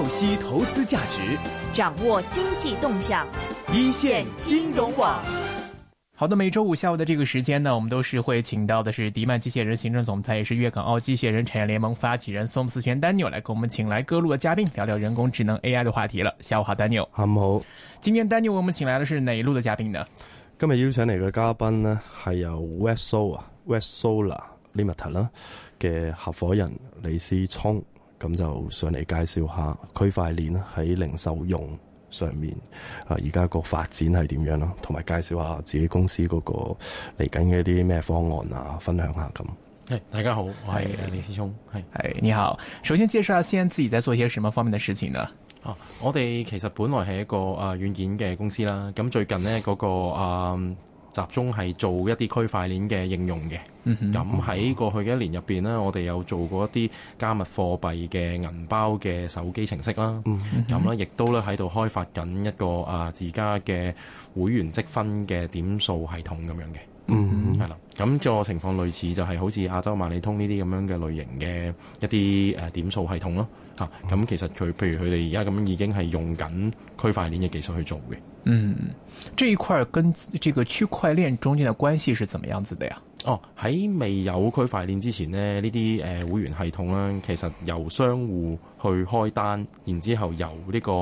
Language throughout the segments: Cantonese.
透析投資價值，掌握經濟動向，一線金融網。好的，每周五下午的這個時間呢，我們都是會請到的是迪曼機械人行政總裁，也是粵港澳機械人產業聯盟發起人宋思全 Daniel 來跟我們請來各路的嘉賓聊聊人工智能 AI 的話題了。下午好，Daniel。下午、嗯、好。今天 Daniel，我們請來的是哪一路的嘉賓呢？今日邀請嚟嘅嘉賓呢，係由 Red Soldier, Red Soldier Limited 啦嘅合伙人李思聰。咁就上嚟介紹下區塊鏈喺零售用上面啊，而家個發展係點樣啦？同埋介紹下自己公司嗰個嚟緊嘅一啲咩方案啊，分享下咁。大家好，我係李思聰。係係，你好。首先介紹下先，自己在做啲乜方面嘅事情呢啊。哦，我哋其實本來係一個啊軟件嘅公司啦。咁最近呢、那個，嗰個啊。集中係做一啲區塊鏈嘅應用嘅，咁、嗯、喺過去嘅一年入邊呢，我哋有做過一啲加密貨幣嘅銀包嘅手機程式啦，咁、嗯、啦，亦都咧喺度開發緊一個啊自家嘅會員積分嘅點數系統咁樣嘅。嗯、mm-hmm.，係啦。咁個情況類似就係、是、好似亞洲萬里通呢啲咁樣嘅類型嘅一啲誒點數系統咯。咁、mm-hmm. 啊、其實佢譬如佢哋而家咁樣已經係用緊區塊鏈嘅技術去做嘅。嗯，呢一塊跟呢個區塊鏈中間嘅關係係怎麼樣子嘅？呀？哦，喺未有區塊鏈之前呢，呢啲誒會員系統咧，其實由商戶去開單，然後之後由呢、這個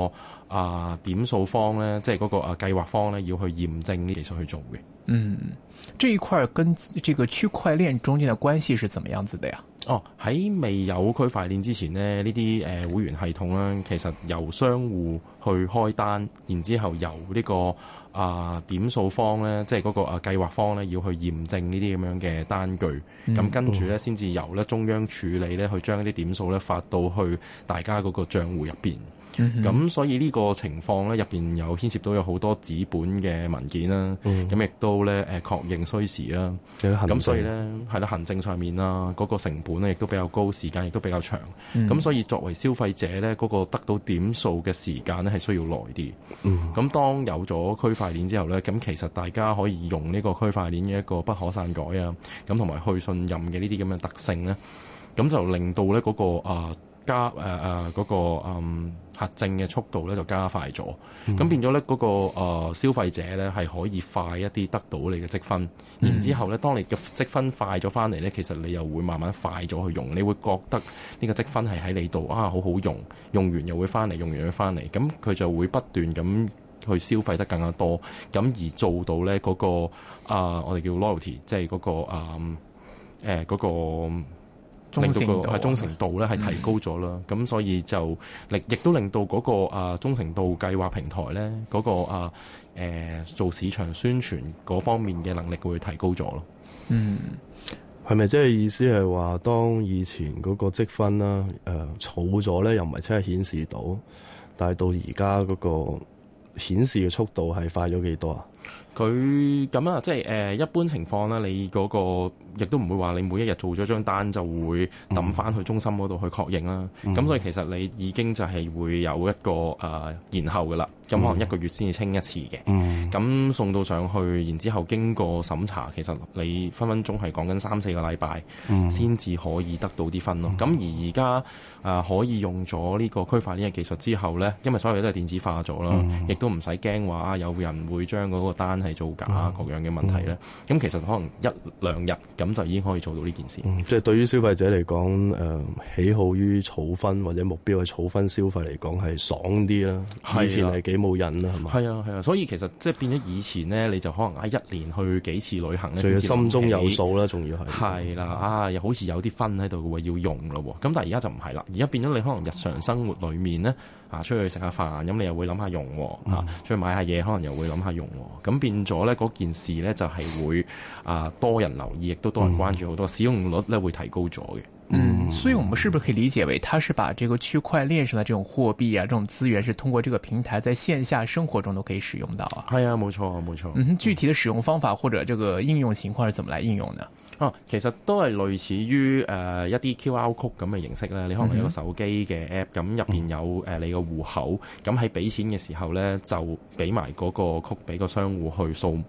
啊、呃、點數方咧，即係嗰、那個啊、呃、計劃方咧，要去驗證啲技術去做嘅。嗯、mm-hmm.。這一塊跟這個區塊鏈中間的關係是怎麼樣子的呀、啊？哦，喺未有區塊鏈之前咧，呢啲誒會員系統咧，其實由商戶去開單，然後之後由呢、這個啊、呃、點數方咧，即係嗰、那個啊、計劃方咧，要去驗證呢啲咁樣嘅單據，咁、嗯、跟住咧先至由咧中央處理咧去將一啲點數咧發到去大家嗰個賬戶入邊。咁、嗯、所以呢個情況咧，入面有牽涉到有好多紙本嘅文件啦、啊，咁、嗯、亦都咧確認需時啦、啊。咁所以咧，係啦，行政上面啦、啊，嗰、那個成本咧亦都比較高，時間亦都比較長。咁、嗯、所以作為消費者咧，嗰、嗰個得到點數嘅時間咧係需要耐啲。咁、嗯、當有咗區塊鏈之後咧，咁其實大家可以用呢個區塊鏈嘅一個不可篡改啊，咁同埋去信任嘅呢啲咁嘅特性咧，咁就令到咧、那、嗰個啊～、呃加誒誒嗰個嗯核證嘅速度咧就加快咗，咁、嗯、變咗咧嗰個、呃、消費者咧係可以快一啲得到你嘅積分，嗯、然之後咧當你嘅積分快咗翻嚟咧，其實你又會慢慢快咗去用，你會覺得呢個積分係喺你度啊，好好用，用完又會翻嚟，用完又翻嚟，咁佢就會不斷咁去消費得更加多，咁而做到咧嗰、嗰個啊、呃、我哋叫 loyalty，即係嗰個嗯誒嗰個。呃呃嗰個忠誠度，係忠誠度咧係提高咗咯，咁、嗯、所以就令亦都令到嗰個啊忠誠度計劃平台咧嗰個啊誒、呃、做市場宣傳嗰方面嘅能力會提高咗咯。嗯，係咪即係意思係話，當以前嗰個積分啦誒儲咗咧又唔係真係顯示到，但係到而家嗰個顯示嘅速度係快咗幾多啊？佢咁啊，即係誒、呃、一般情況啦，你嗰、嗰個亦都唔會話你每一日做咗張單就會抌翻去中心嗰度去確認啦。咁、嗯、所以其實你已經就係會有一個誒、呃、延後嘅啦。咁、嗯、可能一個月先至清一次嘅。咁、嗯、送到上去，然後之後經過審查，其實你分分鐘係講緊三四個禮拜先至可以得到啲分咯。咁、嗯、而而家誒可以用咗呢個區塊鏈嘅技術之後咧，因為所有嘢都係電子化咗啦，亦、嗯、都唔使驚話啊有人會將嗰個單。係造假、嗯、各樣嘅問題咧，咁、嗯、其實可能一兩日咁就已經可以做到呢件事。即、嗯、係、就是、對於消費者嚟講，誒、呃，喜好於儲分或者目標於儲分消費嚟講係爽啲啦是、啊。以前係幾冇癮啦，係嘛？係啊，係啊。所以其實即係變咗以前呢，你就可能喺一年去幾次旅行咧，仲要心中有數啦，仲要係。係啦、啊，啊，又好似有啲分喺度嘅喎，要用咯喎。咁但係而家就唔係啦，而家變咗你可能日常生活裏面呢，啊，出去食下飯，咁你又會諗下用喎、嗯啊。出去買下嘢，可能又會諗下用喎。咁變。嗰件事咧就係會啊多人留意，亦都多人關注，好多使用率咧會提高咗嘅。嗯，所以我們是不是可以理解為，他是把這個區塊鏈上的這種貨幣啊，這種資源，是通過這個平台，在線下生活中都可以使用到啊？係啊，冇錯啊，冇錯。嗯，具體的使用方法或者這個應用情況，係怎麼來應用呢？哦、啊，其實都係類似於誒、呃、一啲 QR 曲咁嘅形式咧。你可能有個手機嘅 app，咁、mm-hmm. 入面有、呃、你個戶口，咁喺俾錢嘅時候咧，就俾埋嗰個曲俾個商戶去掃，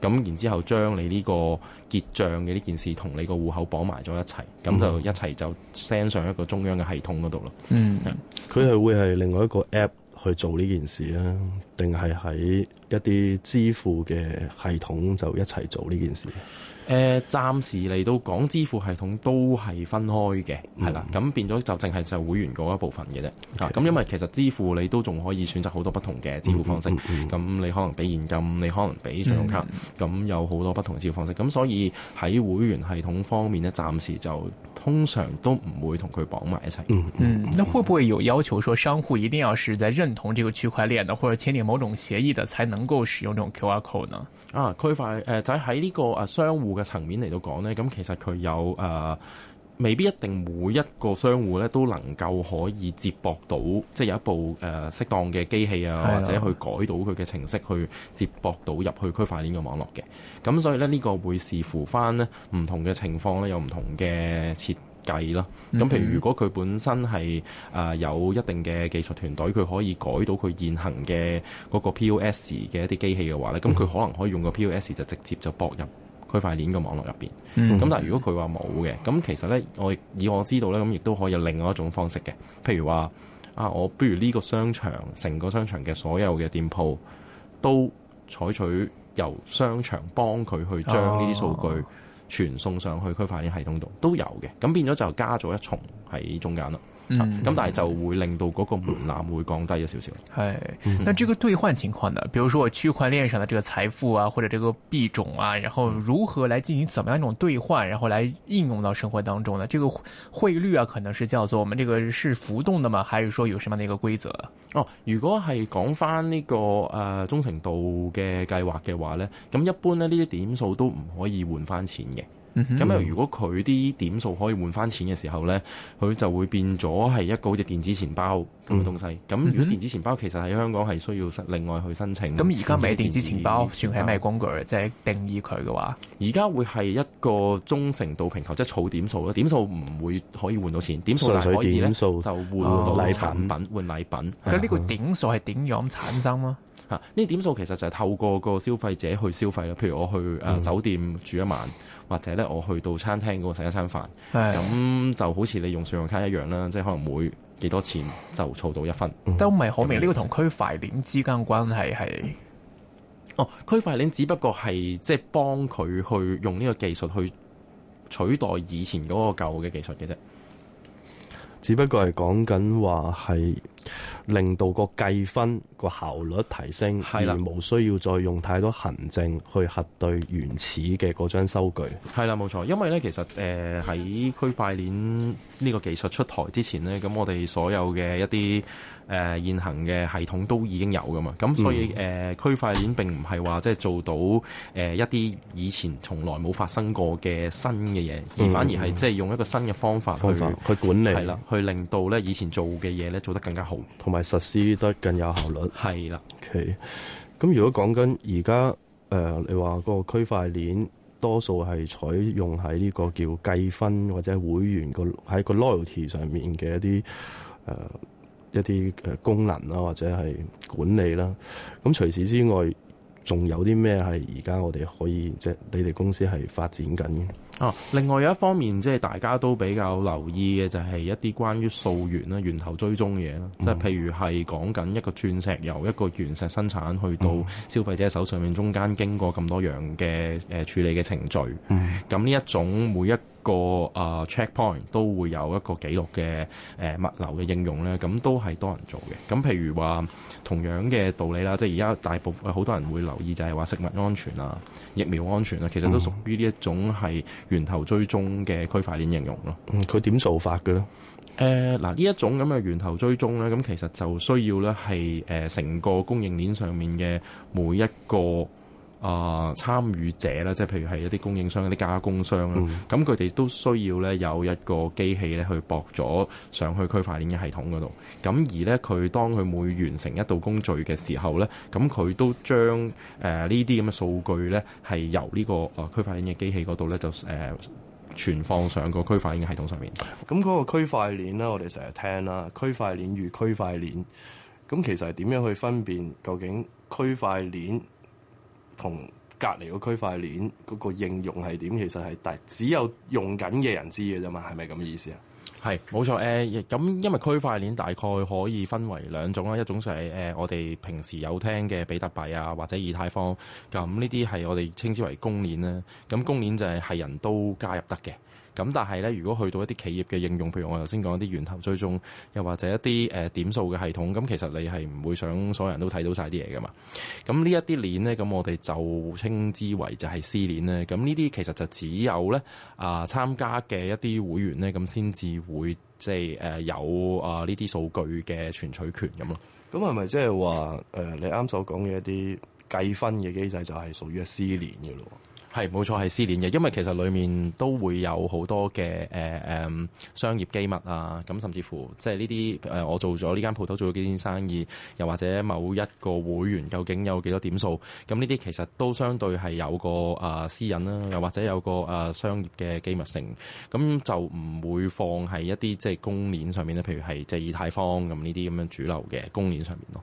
咁然之後將你呢個結帳嘅呢件事同你個戶口綁埋咗一齊，咁、mm-hmm. 就一齊就 send 上一個中央嘅系統嗰度咯。嗯、mm-hmm.，佢係會係另外一個 app 去做呢件事咧，定係喺？一啲支付嘅系統就一齊做呢件事。誒、呃，暫時嚟到講支付系統都係分開嘅，係、嗯、啦。咁變咗就淨係就會員嗰一部分嘅啫。Okay. 啊，咁因為其實支付你都仲可以選擇好多不同嘅支付方式。咁、嗯嗯嗯、你可能俾現金，你可能俾信用卡，咁、嗯、有好多不同支付方式。咁、嗯、所以喺會員系統方面咧，暫時就。通常都唔會同佢綁埋一齊。嗯嗯，那會唔會有要求，說商戶一定要是在認同這個區塊鏈的，或者簽訂某種協議的，才能夠使用呢種 QR code 呢？啊，區塊誒、呃、就喺呢個啊商戶嘅層面嚟到講呢，咁其實佢有啊。呃未必一定每一個商戶咧都能夠可以接駁到，即係有一部誒適當嘅機器啊，或者去改到佢嘅程式去接駁到入去區塊鏈嘅網絡嘅。咁所以咧呢個會視乎翻咧唔同嘅情況咧有唔同嘅設計啦，咁譬如如果佢本身係誒有一定嘅技術團隊，佢可以改到佢現行嘅嗰個 POS 嘅一啲機器嘅話咧，咁佢可能可以用個 POS 就直接就駁入。區塊鏈個網絡入邊，咁、嗯、但係如果佢話冇嘅，咁其實呢，我以我知道呢，咁亦都可以有另外一種方式嘅，譬如話啊，我不如呢個商場，成個商場嘅所有嘅店鋪都採取由商場幫佢去將呢啲數據傳送上去區塊鏈系統度、哦、都有嘅，咁變咗就加咗一重喺中間咯。嗯、啊，咁但係就會令到嗰個門檻會降低一少少。係、嗯嗯，但這個兌換情況呢？比如說我區塊鏈上的這個財富啊，或者這個幣種啊，然後如何來進行怎麼樣一種兌換，然後來應用到生活當中呢？這個匯率啊，可能是叫做我們這個是浮動的嘛？係，還是說有什麼樣的一個規則哦，如果係講翻呢個誒忠誠度嘅計劃嘅話咧，咁一般呢呢啲點數都唔可以換翻錢嘅。咁、嗯、又如果佢啲點數可以換返錢嘅時候咧，佢就會變咗係一個好似電子錢包咁嘅東西。咁、嗯、如果電子錢包其實喺香港係需要另外去申請、嗯。咁而家嘅電子錢包算係咩工具、嗯、即係定義佢嘅話，而家會係一個忠誠度評級，即係儲點數咯。點數唔會可以換到錢，點數就可以就換到產品水水換，產品、哦、換禮品。咁呢、嗯、個點數係點樣產生啊？嚇、嗯、呢點數其實就係透過個消費者去消費。譬如我去誒酒店住一晚。嗯或者咧，我去到餐廳嗰度食一餐飯，咁就好似你用信用卡一樣啦，即係可能每幾多錢就儲到一分，嗯、都唔係好明，呢個同區塊鏈之間關係係，哦，區塊鏈只不過係即係幫佢去用呢個技術去取代以前嗰個舊嘅技術嘅啫。只不過係講緊話係令到個計分個效率提升，而無需要再用太多行政去核對原始嘅嗰張收據。係啦，冇錯。因為咧，其實誒喺、呃、區塊鏈呢個技術出台之前咧，咁我哋所有嘅一啲。誒、呃、現行嘅系統都已經有噶嘛，咁所以誒、嗯、呃、區塊鏈並唔係話即係做到誒、呃、一啲以前從來冇發生過嘅新嘅嘢、嗯，而反而係即係用一個新嘅方法去方法去管理，係啦，去令到咧以前做嘅嘢咧做得更加好，同埋實施得更有效率係啦。OK，咁如果講緊而家誒，你話個區塊鏈多數係採用喺呢個叫計分或者會員個喺個 loyalty 上面嘅一啲誒。呃一啲誒功能啦，或者係管理啦。咁除此之外，仲有啲咩係而家我哋可以即係、就是、你哋公司係發展緊嘅？哦、啊，另外有一方面即係大家都比較留意嘅，就係一啲關於溯源啦、源頭追蹤嘢啦，嗯、即係譬如係講緊一個鑽石由一個原石生產去到消費者手上面，中間經過咁多樣嘅誒處理嘅程序。咁、嗯、呢一種每一個啊 Checkpoint 都會有一個記錄嘅誒物流嘅應用咧，咁都係多人做嘅。咁譬如話同樣嘅道理啦，即係而家大部分好多人會留意就係話食物安全啊、疫苗安全啊，其實都屬於呢一種係源頭追蹤嘅區塊鏈應用咯。佢、嗯、點做法嘅咧？誒、呃、嗱，呢一種咁嘅源頭追蹤咧，咁其實就需要咧係誒成個供應鏈上面嘅每一個啊、呃，參與者啦，即係譬如係一啲供應商、一啲加工商啦，咁佢哋都需要咧有一個機器咧去駁咗上去區塊鏈嘅系統嗰度。咁而呢，佢當佢每完成一道工序嘅時候呢，咁佢都將誒呢啲咁嘅數據呢係由呢個區塊鏈嘅機器嗰度咧就誒存、呃、放上個區塊鏈嘅系統上面。咁嗰個區塊鏈呢，我哋成日聽啦，區塊鏈與區塊鏈，咁其實係點樣去分辨究竟區塊鏈同隔離個區塊鏈嗰個應用係點，其實係但只有用緊嘅人知嘅啫嘛，係咪咁嘅意思啊？係冇錯誒，咁、呃、因為區塊鏈大概可以分為兩種啦，一種就係誒我哋平時有聽嘅比特幣啊，或者以太坊，咁呢啲係我哋稱之為公鏈啦。咁公鏈就係係人都加入得嘅。咁但係咧，如果去到一啲企業嘅應用，譬如我頭先講一啲源頭追蹤，又或者一啲、呃、點數嘅系統，咁其實你係唔會想所有人都睇到晒啲嘢噶嘛？咁呢一啲鏈咧，咁我哋就稱之為就係私鏈咧。咁呢啲其實就只有咧啊、呃、參加嘅一啲會員咧，咁先至會即係、呃、有啊呢啲數據嘅存取權咁咯。咁係咪即係話你啱所講嘅一啲計分嘅機制就係屬於私鏈嘅咯？係，冇錯係私鏈嘅，因為其實裡面都會有好多嘅誒誒商業機密啊，咁甚至乎即係呢啲誒我做咗呢間鋪頭做咗幾年生意，又或者某一個會員究竟有幾多點數，咁呢啲其實都相對係有個啊私隱啦，又或者有個啊商業嘅機密性，咁就唔會放喺一啲即係公鏈上面咧，譬如係即係以太坊咁呢啲咁樣主流嘅公鏈上面咯。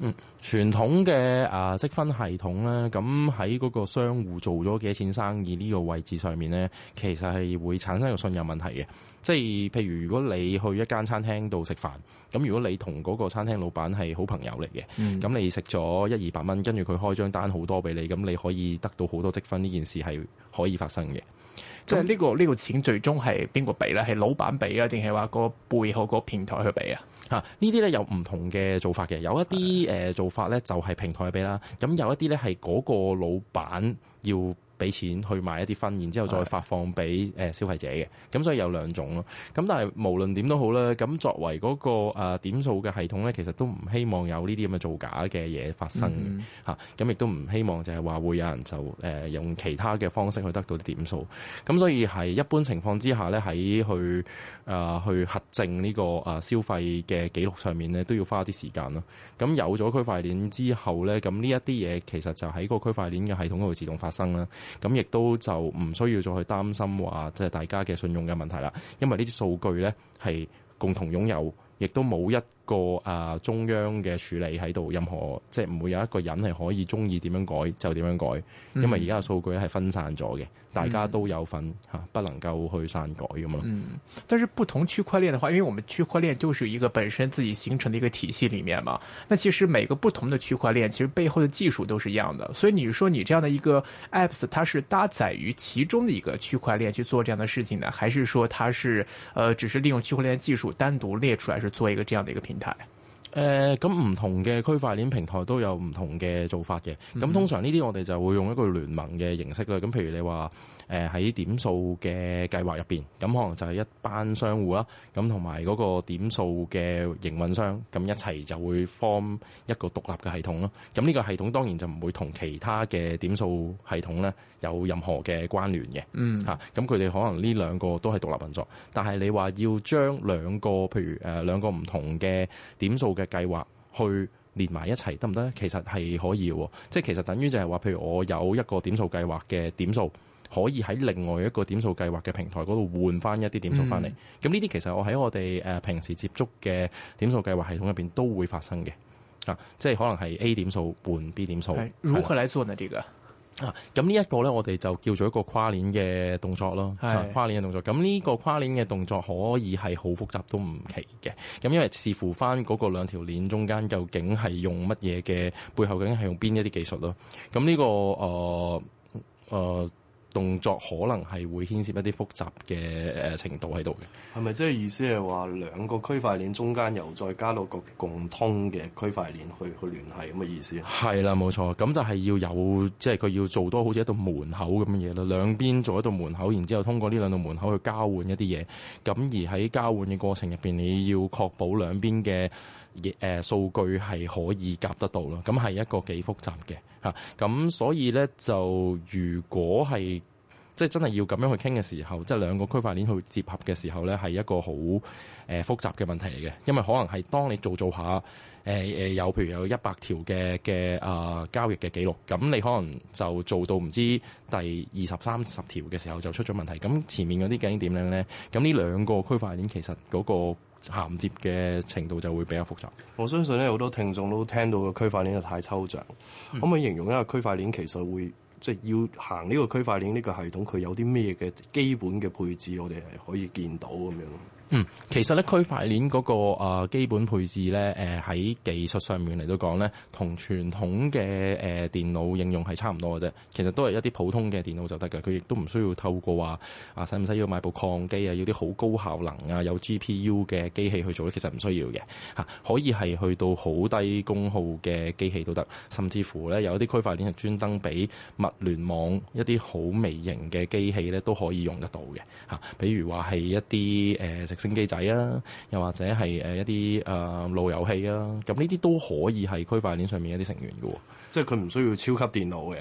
嗯，傳統嘅啊積分系統咧，咁喺嗰個商戶做咗幾多錢生意呢個位置上面呢，其實係會產生一個信任問題嘅。即係，譬如如果你去一間餐廳度食飯，咁如果你同嗰個餐廳老闆係好朋友嚟嘅，咁、嗯、你食咗一二百蚊，跟住佢開張單好多俾你，咁你可以得到好多積分。呢件事係可以發生嘅。即係呢個呢個錢最終係邊個俾咧？係老闆俾啊，定係話個背後個平台去俾啊？吓呢啲咧有唔同嘅做法嘅，有一啲誒做法咧就係平台去俾啦。咁有一啲咧係嗰個老板要。俾錢去買一啲分，然之後再發放俾誒消費者嘅，咁是所以有兩種咯。咁但係無論點都好啦，咁作為嗰個誒點數嘅系統咧，其實都唔希望有呢啲咁嘅造假嘅嘢發生嚇。咁亦都唔希望就係話會有人就誒用其他嘅方式去得到點數。咁所以係一般情況之下咧，喺去誒、呃、去核證呢個誒消費嘅記錄上面咧，都要花啲時間咯。咁有咗區塊鏈之後咧，咁呢一啲嘢其實就喺個區塊鏈嘅系統度自動發生啦。咁亦都就唔需要再去擔心話即係大家嘅信用嘅問題啦，因為呢啲數據咧係共同擁有，亦都冇一個啊中央嘅處理喺度，任何即係唔會有一個人係可以鍾意點樣改就點樣改，嗯、因為而家嘅數據係分散咗嘅，大家都有份吓、嗯啊，不能夠去刪改咁樣。嗯，但是不同區塊鏈的話，因為我們區塊鏈就是一個本身自己形成的一個體系裏面嘛,那其實每個不同的區塊鏈其實背後嘅技術都是一樣的，所以你說你這樣的一個 apps，它是搭載於其中的一個區塊鏈去做這樣的事情呢，還是說它是，呃，只是利用區塊鏈技術單獨列出來，是做一個這樣的一個品？誒咁唔同嘅區塊鏈平台都有唔同嘅做法嘅。咁通常呢啲我哋就會用一個聯盟嘅形式啦。咁譬如你話誒喺點數嘅計劃入面，咁可能就係一班商戶啦，咁同埋嗰個點數嘅營運商，咁一齊就會 form 一個獨立嘅系統咯。咁呢個系統當然就唔會同其他嘅點數系統咧，有任何嘅關聯嘅，嚇咁佢哋可能呢兩個都係獨立運作。但係你話要將兩個，譬如誒兩個唔同嘅點數嘅計劃去連埋一齊，得唔得？其實係可以喎，即係其實等於就係話，譬如我有一個點數計劃嘅點數，可以喺另外一個點數計劃嘅平台嗰度換翻一啲點數翻嚟。咁呢啲其實我喺我哋誒平時接觸嘅點數計劃系統入邊都會發生嘅，啊，即係可能係 A 點數換 B 點數。如何來做呢？呢個啊！咁呢一個呢，我哋就叫做一個跨鏈嘅動作咯，啊、跨鏈嘅動作。咁呢個跨鏈嘅動作可以係好複雜都唔奇嘅。咁因為視乎翻嗰個兩條鏈中間究竟係用乜嘢嘅背後，究竟係用邊一啲技術咯。咁呢、呢個誒誒。呃呃動作可能係會牽涉一啲複雜嘅誒程度喺度嘅，係咪即係意思係話兩個區塊鏈中間又再加到個共通嘅區塊鏈去去聯繫，咁嘅意思？係啦，冇錯，咁就係要有即係佢要做多好似一道門口咁嘅嘢咯，兩邊做一道門口，然之後通過呢兩道門口去交換一啲嘢，咁而喺交換嘅過程入邊，你要確保兩邊嘅誒數據係可以夾得到咯，咁係一個幾複雜嘅。咁、啊、所以呢，就如果係即係真係要咁樣去傾嘅時候，即、就、係、係、兩個區塊鏈去接合嘅時候呢係一個好、呃、複雜嘅問題嚟嘅，因為可能係當你做做下誒誒、呃、有譬如有一百條嘅嘅啊交易嘅記錄，咁你可能就做到唔知第二十三十條嘅時候就出咗問題，咁前面嗰啲究竟點樣呢？咁呢兩個區塊鏈其實嗰、嗰個。銜接嘅程度就會比較複雜。我相信咧，好多聽眾都聽到個區塊鏈就太抽象，可唔可以形容一下區塊鏈其實會即係要行呢個區塊鏈呢個系統，佢有啲咩嘅基本嘅配置，我哋係可以見到咁樣。嗯，其實咧，區塊鏈嗰個啊基本配置咧，誒喺技術上面嚟到講咧，同傳統嘅誒電腦應用係差唔多嘅啫。其實都係一啲普通嘅電腦就得嘅，佢亦都唔需要透過話啊，使唔使要買部礦機啊，要啲好高效能啊有 GPU 嘅機器去做咧？其實唔需要嘅，嚇，可以係去到好低功耗嘅機器都得，甚至乎咧，有一啲區塊鏈係專登俾物聯網一啲好微型嘅機器咧都可以用得到嘅，嚇。比如話係一啲誒整機仔啊，又或者係誒一啲誒、呃、路由器啊，咁呢啲都可以係區塊鏈上面一啲成員嘅喎。即係佢唔需要超級電腦嘅，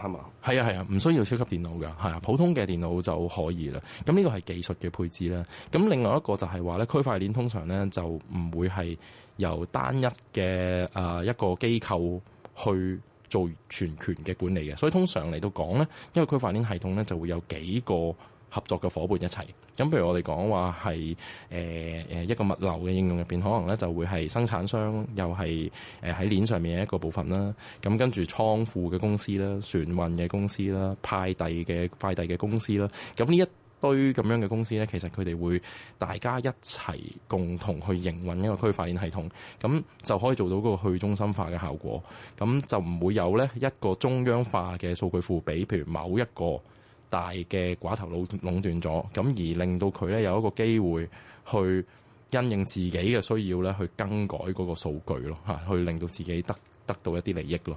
係嘛？係啊係啊，唔需要超級電腦嘅，係啊，普通嘅電腦就可以啦。咁呢個係技術嘅配置啦。咁另外一個就係話咧，區塊鏈通常咧就唔會係由單一嘅誒、呃、一個機構去做全權嘅管理嘅，所以通常嚟到講咧，因為區塊鏈系統咧就會有幾個。合作嘅伙伴一齊，咁譬如我哋講話係誒誒一個物流嘅應用入邊可能咧就會係生產商又係誒喺鏈上面一個部分啦。咁跟住倉庫嘅公司啦、船運嘅公司啦、派遞嘅快遞嘅公司啦，咁呢一堆咁樣嘅公司咧，其實佢哋會大家一齊共同去營運一個區塊鏈系統，咁就可以做到嗰個去中心化嘅效果。咁就唔會有咧一個中央化嘅數據庫俾譬如某一個。大嘅寡頭壟壟斷咗，咁而令到佢咧有一個機會去因應自己嘅需要咧，去更改嗰個數據咯，吓，去令到自己得得到一啲利益咯。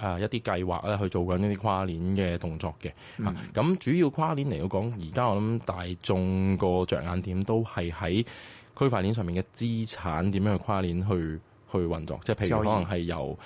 誒、啊、一啲計劃咧，去做緊呢啲跨鏈嘅動作嘅。咁、嗯啊、主要跨鏈嚟講，而家我諗大眾個着眼點都係喺區塊鏈上面嘅資產點樣去跨鏈去去運作。即係譬如可能係由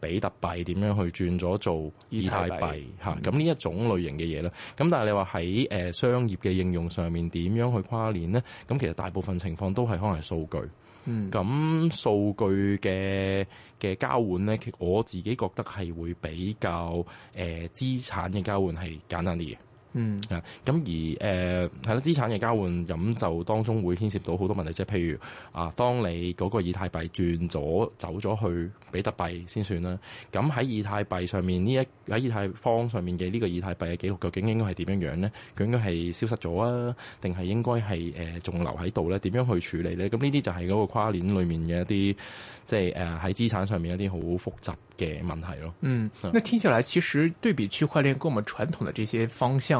比特幣點樣去轉咗做以太幣咁呢、嗯啊、一種類型嘅嘢啦，咁但係你話喺商業嘅應用上面點樣去跨鏈咧？咁其實大部分情況都係可能係數據。咁、嗯、數據嘅嘅交換咧，我自己覺得係會比較誒、呃、資產嘅交換係簡單啲嘅。嗯，啊，咁而誒係啦，資產嘅交換，咁就當中會牽涉到好多問題，即係譬如啊，當你嗰個以太幣轉咗走咗去比特幣先算啦。咁喺以太幣上面呢一喺以太坊上面嘅呢個以太幣嘅記錄究竟應該係點樣樣咧？究竟該係消失咗啊，定係應該係誒仲留喺度咧？點樣去處理咧？咁呢啲就係嗰個跨鏈裏面嘅一啲即係誒喺資產上面一啲好複雜嘅問題咯、嗯。嗯，那聽起嚟其實對比區塊鏈跟我們傳統的這些方向。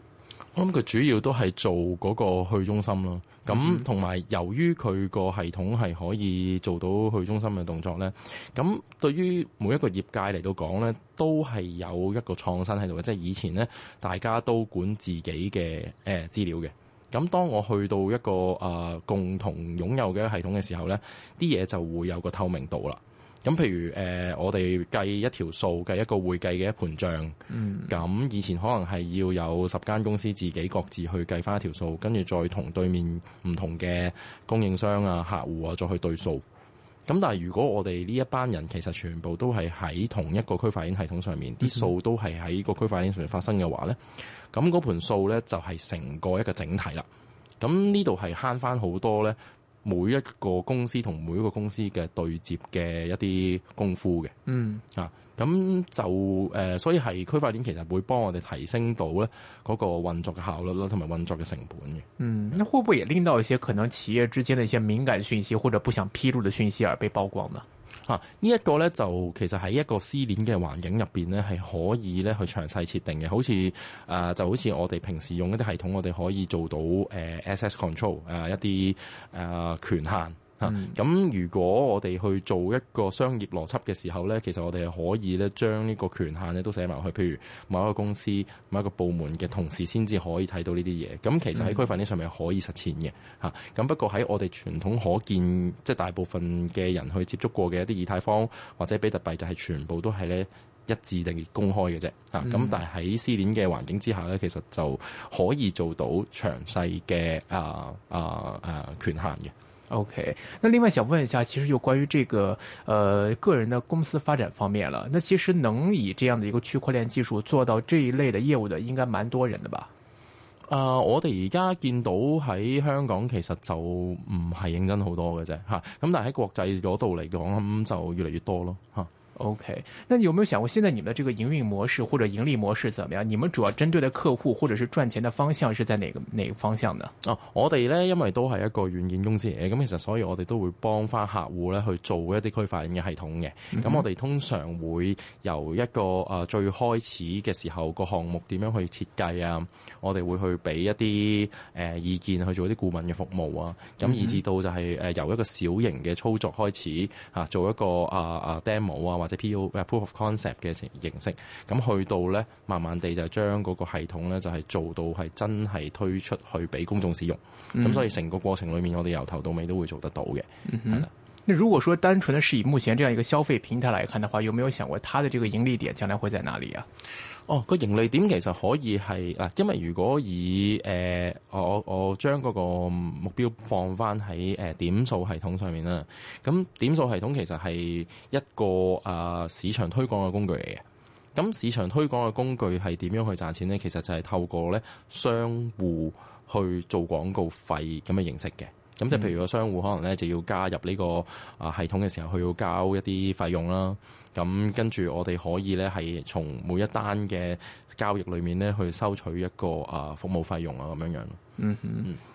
我諗佢主要都係做嗰個去中心咯，咁同埋由於佢個系統係可以做到去中心嘅動作咧，咁對於每一個業界嚟到講咧，都係有一個創新喺度嘅，即係以前咧，大家都管自己嘅誒資料嘅，咁當我去到一個、呃、共同擁有嘅系統嘅時候咧，啲嘢就會有個透明度啦。咁譬如誒、呃，我哋計一條數，計一個會計嘅一盤帳。咁、嗯、以前可能係要有十間公司自己各自去計翻一條數，跟住再同對面唔同嘅供應商啊、客戶啊再去對數。咁但係如果我哋呢一班人其實全部都係喺同一個區塊鏈系統上面，啲數都係喺個區塊鏈上面發生嘅話呢，咁嗰盤數呢就係、是、成個一個整體啦。咁呢度係慳翻好多呢。每一個公司同每一個公司嘅對接嘅一啲功夫嘅，嗯啊，咁就誒、呃，所以係區塊鏈其實會幫我哋提升到咧嗰個運作嘅效率咯，同埋運作嘅成本嘅。嗯，那會不會也令到一些可能企業之間嘅一些敏感訊息或者不想披露嘅訊息而被曝光呢？呢、這、一個咧就其實喺一個私鏈嘅環境入邊咧係可以咧去詳細設定嘅，好似誒就好似我哋平時用一啲系統，我哋可以做到誒 access control 誒一啲誒權限。咁、嗯、如果我哋去做一個商業邏輯嘅時候呢，其實我哋係可以呢將呢個權限呢都寫埋去。譬如某一個公司、某一個部門嘅同事先至可以睇到呢啲嘢。咁其實喺區塊鏈上面係可以實踐嘅。咁、嗯、不過喺我哋傳統可見，即、就、係、是、大部分嘅人去接觸過嘅一啲以太坊或者比特幣，就係全部都係一致定義公開嘅啫。咁但係喺私鏈嘅環境之下呢，其實就可以做到詳細嘅啊啊、啊權限嘅。O.K.，那另外想問一下，其實有關於這個，呃，個人的公司發展方面了，那其實能以這樣的一個區塊鏈技術做到這一類的業務的應該蠻多人的吧？啊、呃，我哋而家見到喺香港其實就唔係認真好多嘅啫，吓、啊，咁但係喺國際嗰度嚟講，咁、嗯、就越嚟越多咯，吓、啊。O.K. 那你有冇想過，現在你們的這個營運模式或者盈利模式怎麼樣？你們主要針對的客戶，或者是賺錢的方向是在哪個哪個方向呢？哦，我哋咧因為都係一個軟件公司嚟嘅，咁其實所以我哋都會幫翻客戶咧去做一啲區塊鏈嘅系統嘅。咁我哋通常會由一個誒、呃、最開始嘅時候個項目點樣去設計啊，我哋會去俾一啲誒、呃、意見去做一啲顧問嘅服務啊，咁以至到就係、是、誒、呃、由一個小型嘅操作開始啊，做一個啊啊、呃呃、demo 啊或者。P.U. proof of concept 嘅形式，咁去到咧，慢慢地就將個系統咧，就係做到係真係推出去俾公眾使用。咁、mm-hmm. 所以成個過程裏面，我哋由頭到尾都會做得到嘅，嗯、mm-hmm. 係啦。那如果說單純的是以目前這樣一個消費平台來看的話，有沒有想過它的這個盈利點將來會在哪裏啊？哦，個盈利點其實可以係嗱，因為如果以誒、呃、我我將嗰個目標放翻喺誒點數系統上面啦，咁點數系統其實係一個啊、呃、市場推廣嘅工具嚟嘅。咁市場推廣嘅工具係點樣去賺錢咧？其實就係透過咧商戶去做廣告費咁嘅形式嘅。咁就譬如個商戶可能咧就要加入呢個啊系統嘅時候，佢要交一啲費用啦。咁跟住我哋可以咧係從每一單嘅交易裏面咧去收取一個啊服務費用啊咁樣樣。嗯哼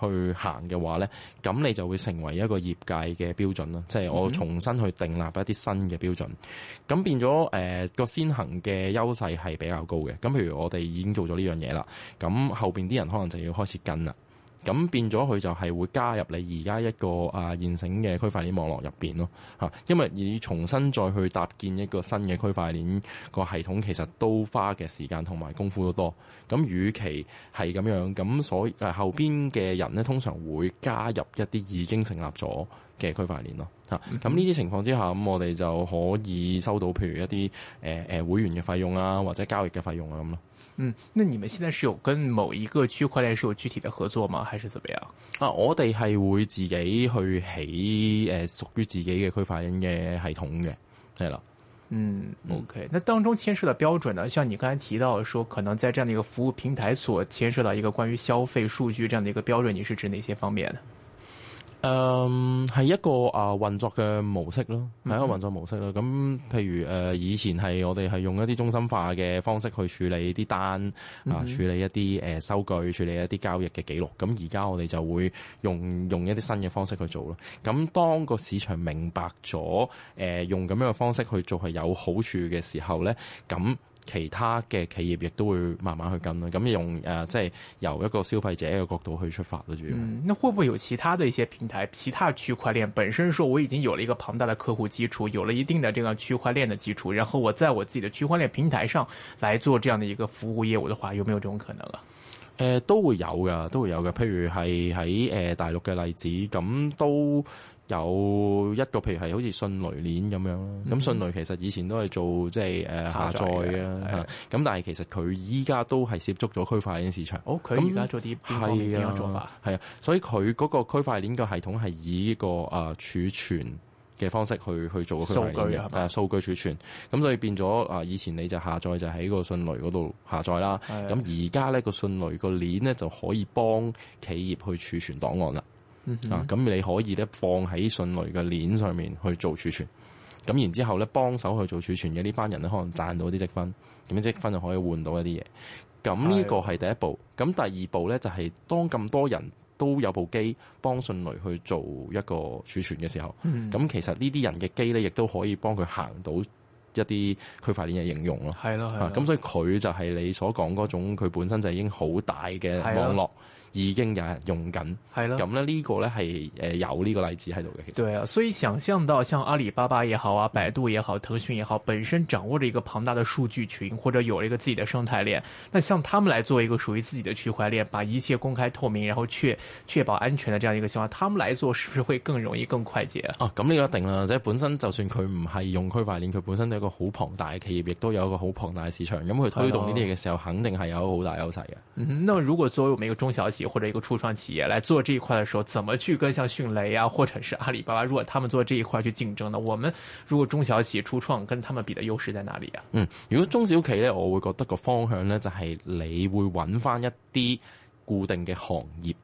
去行嘅話呢，咁你就會成為一個業界嘅標準啦。即係我重新去訂立一啲新嘅標準，咁變咗個、呃、先行嘅優勢係比較高嘅。咁譬如我哋已經做咗呢樣嘢啦，咁後邊啲人可能就要開始跟啦。咁變咗佢就係會加入你而家一個啊，現成嘅區塊鏈網絡入邊咯。嚇，因為你重新再去搭建一個新嘅區塊鏈、個系統，其實都花嘅時間同埋功夫都多。咁與其係咁樣，咁所，誒後邊嘅人咧，通常會加入一啲已經成立咗嘅區塊鏈咯。嚇，咁呢啲情況之下，咁我哋就可以收到譬如一啲誒誒會員嘅費用啊，或者交易嘅費用啊咁咯。嗯，那你們現在是有跟某一個區塊鏈是有具體的合作嗎？還是怎麼樣？啊，我哋係會自己去起誒、呃、屬於自己嘅區塊鏈嘅系統嘅，係咯。嗯，OK，那當中牽涉到標準呢？像你剛才提到的說，可能在這樣的一個服務平台所牽涉到一個關於消費數據這樣嘅一個標準，你是指哪些方面呢？嗯，係一個啊運、呃、作嘅模式咯，係一個運作模式咯。咁、mm-hmm. 譬如誒、呃，以前係我哋係用一啲中心化嘅方式去處理啲單、mm-hmm. 啊，處理一啲誒、呃、收據，處理一啲交易嘅記錄。咁而家我哋就會用用一啲新嘅方式去做咯。咁當個市場明白咗誒、呃，用咁樣嘅方式去做係有好處嘅時候咧，咁。其他嘅企業亦都會慢慢去跟咯，咁用誒、呃，即係由一個消費者嘅角度去出發咯，主要。嗯，那會不會有其他嘅一些平台，其他區塊鏈本身，說我已經有了一個龐大的客戶基礎，有了一定的這個區塊鏈的基礎，然後我在我自己的區塊鏈平台上，來做這樣的一個服務業務的話，有沒有這種可能啊？誒、呃，都會有嘅，都會有嘅。譬如係喺誒大陸嘅例子，咁都。有一個，譬如係好似迅雷鏈咁樣咯。咁、嗯、迅雷其實以前都係做即係誒下載嘅，咁但係其實佢依家都係涉足咗區塊鏈市場。好、哦，佢而家做啲邊方面個做法？係啊，所以佢嗰個區塊鏈嘅系統係以呢個啊、呃、儲存嘅方式去去做區塊鏈嘅，係啊數據儲存。咁所以變咗啊、呃，以前你就下載就喺個迅雷嗰度下載啦。咁而家咧個迅雷個鏈咧就可以幫企業去儲存檔案啦。Mm-hmm. 啊！咁你可以咧放喺迅雷嘅鏈上面去做儲存，咁然之後咧幫手去做儲存嘅呢班人咧可能賺到啲積分，咁啲積分就可以換到一啲嘢。咁呢個係第一步，咁第二步咧就係、是、當咁多人都有部機幫迅雷去做一個儲存嘅時候，咁、mm-hmm. 其實呢啲人嘅機咧亦都可以幫佢行到。一啲區塊鏈嘅應用咯。係咯，咁、啊、所以佢就係你所講嗰種，佢本身就已經好大嘅網絡，已經有人用緊，係咯。咁咧呢個咧係誒有呢個例子喺度嘅。其實對啊，所以想象到像阿里巴巴也好啊，百度也好，騰訊也好，本身掌握咗一個龐大的數據群，或者有了一個自己嘅生態鏈，那像他們來做一個屬於自己嘅區塊鏈，把一切公開透明，然後確確保安全嘅這樣一個情況，他們嚟做，是不是會更容易更快捷啊？哦，咁呢個一定啦，即係本身就算佢唔係用區塊鏈，佢本身就一個好龐大嘅企業，亦都有一個好龐大嘅市場。咁佢推動呢啲嘢嘅時候，肯定係有好大優勢嘅。嗯，咁如果作為每一個中小企業或者一個初創企業嚟做呢一塊嘅時候，怎麼去跟像迅雷啊，或者是阿里巴巴，如果他們做呢一塊去競爭呢？我們如果中小企業初創跟他們比的優勢在哪裡啊？嗯，如果中小企業咧，我會覺得個方向咧就係你會揾翻一啲固定嘅行業。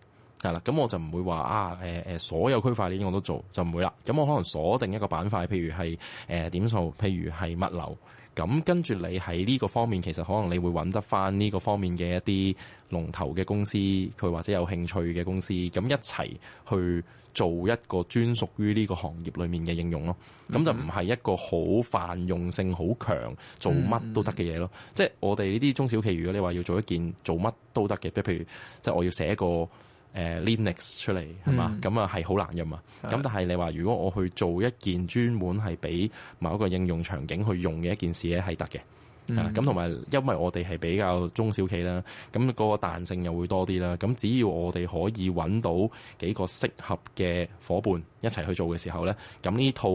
係啦，咁我就唔會話啊、呃，所有區塊鏈我都做就唔會啦。咁我可能鎖定一個板塊，譬如係、呃、點數，譬如係物流咁。跟住你喺呢個方面，其實可能你會揾得翻呢個方面嘅一啲龍頭嘅公司，佢或者有興趣嘅公司咁一齊去做一個專屬於呢個行業裏面嘅應用咯。咁、mm-hmm. 就唔係一個好泛用性好強，做乜都得嘅嘢咯。即、mm-hmm. 係我哋呢啲中小企，如果你話要做一件做乜都得嘅，即係譬如即我要寫一個。Linux 出嚟係、嗯、嘛？咁啊係好難用嘛。咁但係你話如果我去做一件專門係俾某一個應用場景去用嘅一件事咧，係得嘅。咁同埋因為我哋係比較中小企啦，咁、那、嗰個彈性又會多啲啦。咁只要我哋可以揾到幾個適合嘅夥伴一齊去做嘅時候咧，咁呢套，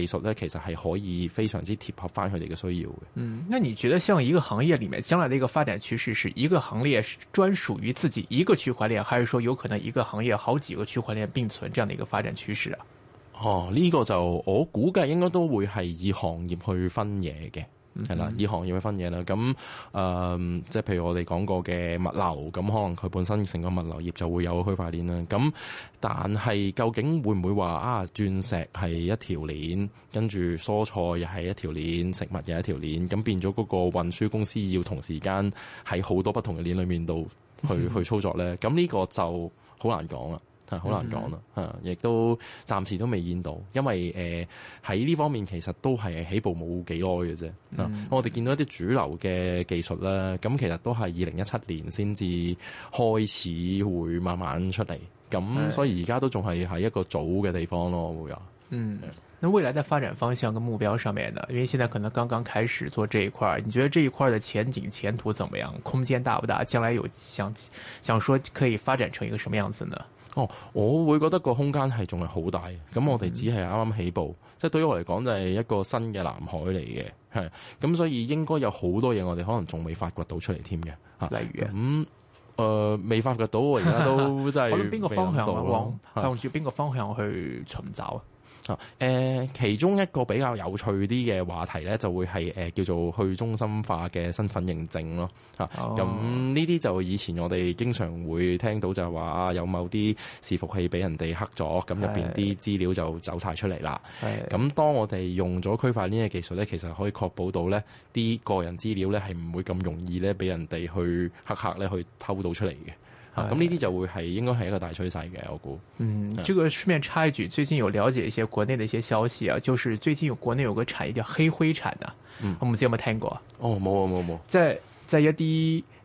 技術呢，其實係可以非常之貼合翻佢哋嘅需要嘅。嗯，那你覺得，像一個行業裏面將來的一個發展趨勢，是一個行業是專屬於自己一個區塊鏈，還是說有可能一個行業好幾個區塊鏈並存，這樣的一個發展趨勢啊？哦、啊，呢、這個就我估計應該都會係以行業去分嘢嘅。係啦，以行業嘅分野啦，咁誒、呃，即係譬如我哋講過嘅物流，咁可能佢本身成個物流業就會有區塊鏈啦。咁但係究竟會唔會話啊？鑽石係一條鏈，跟住蔬菜又係一條鏈，食物又係一條鏈，咁變咗嗰個運輸公司要同時間喺好多不同嘅鏈裏面度去、嗯、去操作咧。咁呢個就好難講啦。好難講啦，啊，亦都暫時都未見到，因為誒喺呢方面其實都係起步冇幾耐嘅啫。我哋見到一啲主流嘅技術咧，咁、啊、其實都係二零一七年先至開始會慢慢出嚟，咁、啊、所以而家都仲係喺一個早嘅地方咯。會、mm-hmm. 啊，嗯，那未來嘅發展方向跟目標上面呢？因為現在可能剛剛開始做這一塊，你覺得這一塊嘅前景、前途怎麼樣？空間大不大？將來有想想說可以發展成一個什麼樣子呢？哦，我會覺得個空間係仲係好大，咁我哋只係啱啱起步，嗯，即係對於我嚟講就係一個新嘅藍海嚟嘅，係，咁所以應該有好多嘢我哋可能仲未發掘到出嚟添嘅，例如啊，咁、呃、未發掘到，而家都真係未發掘到咯，向住邊個方向去尋找啊？啊，誒，其中一個比較有趣啲嘅話題咧，就會係誒叫做去中心化嘅身份認證咯。嚇，咁呢啲就以前我哋經常會聽到就係話啊，有某啲伺服器俾人哋黑咗，咁入邊啲資料就走晒出嚟啦。係，咁當我哋用咗區塊鏈嘅技術咧，其實可以確保到咧啲個人資料咧係唔會咁容易咧俾人哋去黑客咧去偷到出嚟嘅。啊，咁呢啲就會係應該係一個大趨勢嘅，我估。嗯，這個順便插一句，最近有了解一些國內嘅一些消息啊，就是最近有國內有個產業叫黑灰產啊，嗯，我唔知有冇聽過啊？哦，冇啊，冇冇。即係即係一啲。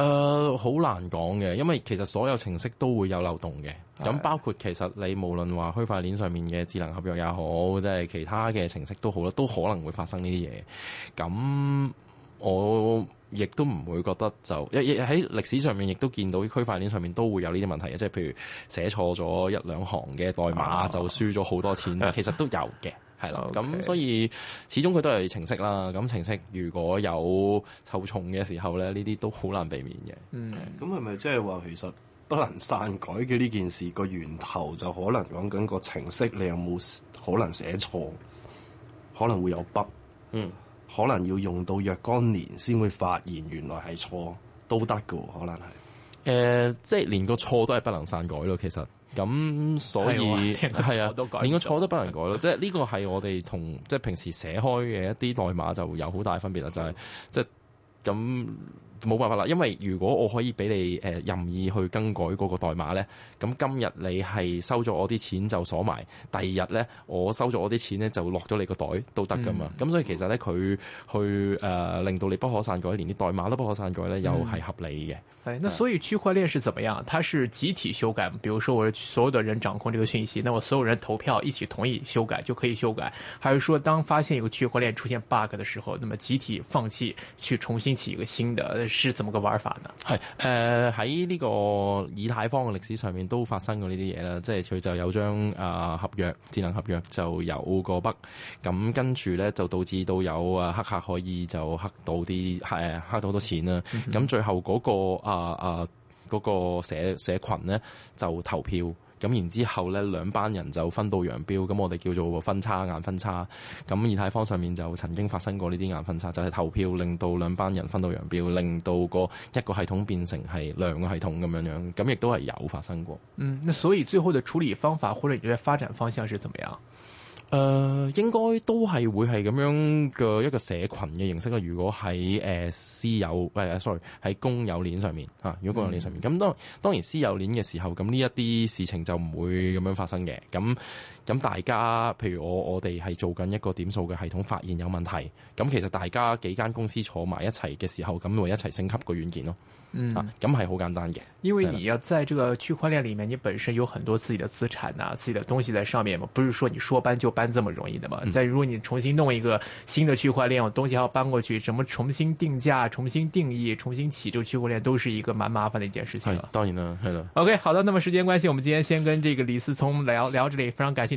誒、呃，好難講嘅，因為其實所有程式都會有漏洞嘅。咁包括其實你無論話區塊鏈上面嘅智能合約也好，即係其他嘅程式都好啦，都可能會發生呢啲嘢。咁我亦都唔會覺得就喺歷史上面亦都見到區塊鏈上面都會有呢啲問題嘅，即係譬如寫錯咗一兩行嘅代碼就輸咗好多錢， 其實都有嘅。係啦，咁、okay. 所以始終佢都係程式啦。咁程式如果有臭蟲嘅時候咧，呢啲都好難避免嘅。嗯，咁係咪即係話其實不能篡改嘅呢件事，個源頭就可能講緊個程式你有冇可能寫錯，可能會有 bug，嗯，可能要用到若干年先會發現原來係錯都得嘅，可能係。誒、呃，即、就、係、是、連個錯都係不能篡改咯，其實。咁所以係、哎、啊，應該錯，錯都不能改咯，即係呢個係我哋同即係平時寫開嘅一啲代碼就有好大分別啦，就係即係咁。就是冇辦法啦，因為如果我可以俾你誒、呃、任意去更改嗰個代碼咧，咁今日你係收咗我啲錢就鎖埋，第二日咧我收咗我啲錢咧就落咗你個袋都得噶嘛。咁、嗯、所以其實咧佢去誒、呃、令到你不可篡改，連啲代碼都不可篡改咧、嗯，又係合理嘅。誒，那所以區塊鏈是怎麼樣？它是集體修改，比如說我所有的人掌控這個訊息，那我所有人投票一起同意修改就可以修改，還是說當發現有個區塊鏈出現 bug 嘅時候，那麼集體放棄去重新起一個新的？是怎麼個玩法啊？係誒喺呢個以太坊嘅歷史上面都發生過呢啲嘢啦，即係佢就有張啊合約智能合約就有個 Bug，咁跟住咧就導致到有啊黑客可以就黑到啲誒黑，黑到好多錢啦，咁、嗯、最後嗰、嗰個啊啊嗰個社社群咧就投票。咁然之後咧，兩班人就分道揚鑣。咁我哋叫做個分叉，硬分叉。咁以太坊上面就曾經發生過呢啲硬分叉，就係、是、投票令到兩班人分道揚鑣，令到個一個系統變成係兩個系統咁樣樣。咁亦都係有發生過。嗯，那所以最好嘅處理方法或者你嘅發展方向係點樣？誒、呃、應該都係會係咁樣嘅一個社群嘅形式，如果喺私有、哎、sorry 喺公有鏈上面吓，如果公有鏈上面，咁、嗯、當、當然私有鏈嘅時候，咁呢一啲事情就唔會咁樣發生嘅。咁咁大家，譬如我我哋係做緊一個點數嘅系統，發現有問題。咁其實大家幾間公司坐埋一齊嘅時候，咁會一齊升級個軟件咯。嗯，咁係好簡單嘅。因為你要在這個區塊鏈裏面，你本身有很多自己的資產啊，自己的東西在上面嘛，不是說你說搬就搬這麼容易的嘛。嗯、再如果你重新弄一個新的區塊鏈，我東西要搬過去，什麼重新定價、重新定義、重新起，就區塊鏈都是一個蠻麻煩的一件事情。當然啦，係啦。OK，好的。那麼時間關係，我們今天先跟這個李思聰聊聊這裏，非常感謝。